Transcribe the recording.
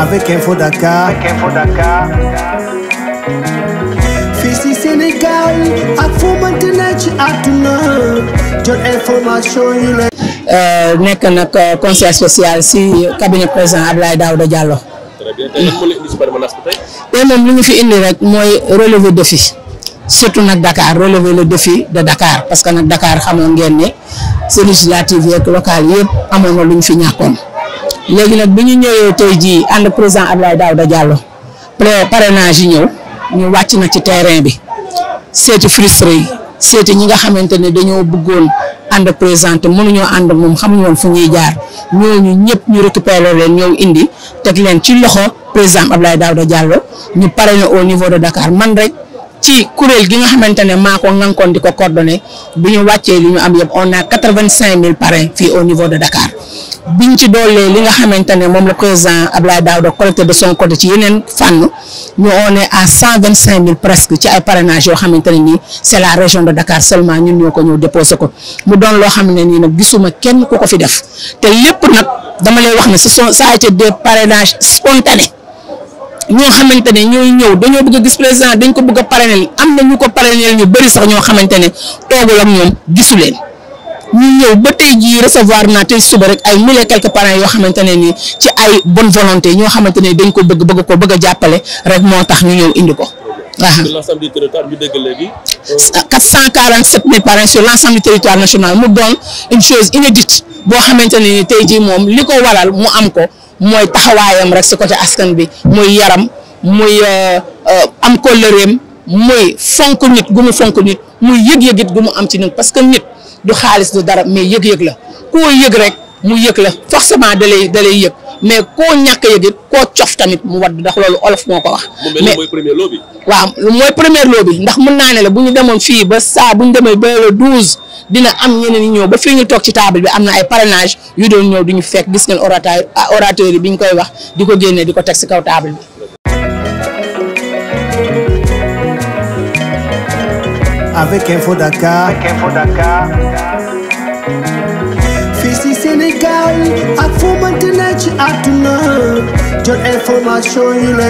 avec Info Dakar. Avec Info Dakar. Fils du Sénégal, ak foo mënti ne ci àdduna jot information yu euh, la. nekk nag conseil spécial si cabinet président Abdoulaye Daouda Diallo. Très bien. Et nous fi indi rek moy relever défi. surtout nak Dakar relever le défi de Dakar parce que nak Dakar xamoo ngeen ne si législative yeeg locale yëpp amoon na luñ fi ñàkkoon léegi nag bi ñu ñëwee tey jii ànd président Abdoulaye Daouda Diallo parrainage yi ñëw ñu wàcc na ci terrain bi seeti frustré yi seeti ñi nga xamante ne dañoo bëggoon ànd présenté mënuñoo ànd moom xamuñu woon fu ñuy jaar ñooñu ñëpp ñu récupéré leen ñëw indi teg leen ci loxo président Abdoulaye Daouda Diallo ñu parrainé au niveau de Dakar man rek. ci kuréel gi nga xamante ne maa ko ŋànkoon di ko coordonné bi ñu wàccee li ñu am yëpp on a quatre-vingt-cinq mille parrains fii au niveau de Dakar biñ ci doolee li nga xamante ne moom la président Abdoulaye Daouda collecté de son côté ci yeneen fànn ñu on est à cent cinq mille presque ci a parrainages yoo xamante ne nii c'est la région de Dakar seulement ñun ñoo ko ñëw déposé ko mu doon loo xam ne nii nag gisuma kenn ku ko fi def te lépp nag dama lay wax na ce sont ça a été des ñoo xamante ne ñooy ñëw dañoo bëgg a gis président dañ ko bëgg a parrainer am na ñu ko parrainer ñu bëri sax ñoo xamante ne toogul ak ñoom gisu leen ñu ñëw ba tey jii recevoir naa tey suba rek ay mille quelque parrain yoo xamante ne nii ci ay bonne volonté ñoo xamante ne dañ ko bëgg bëgg ko bëgg a jàppale rek moo tax ñu ñëw indi ko. waaw ah. sur l'ensemble du territoire bi dégg léegi. 447 euh, mille parrain sur l'ensemble du territoire national mu doon une chose inédite. boo xamante ne ni tey jii moom li ko waral mu am ko mooy taxawaayam rek si côté askan bi muy yaram muy euh, euh, am kóllëreem muy fonk nit gu mu fonk nit muy yëg-yëg it gu mu am ci nit parce que nit du xaalis du dara mais yëg-yëg la koo yëg rek mu yëg la forcément da lay da lay yëg mais koo ñàkk a yëg it koo cof tamit mu wadd ndax loolu olof moo ko wax. mais mooy premier loo ndax mën naa ne la bu ñu demoon fii ba saa bu ñu demee ba le douze. dina am ñeneen ñi ñëw ba fii ñu toog ci table bi am na ay parrainage yu doon ñëw duñu fekk gis ngeen orateur ah, orateur yi biñ koy wax di ko génnee di ko teg si kaw table bi. fii si Sénégal ak foo mënti nekk ci àdduna jot information yu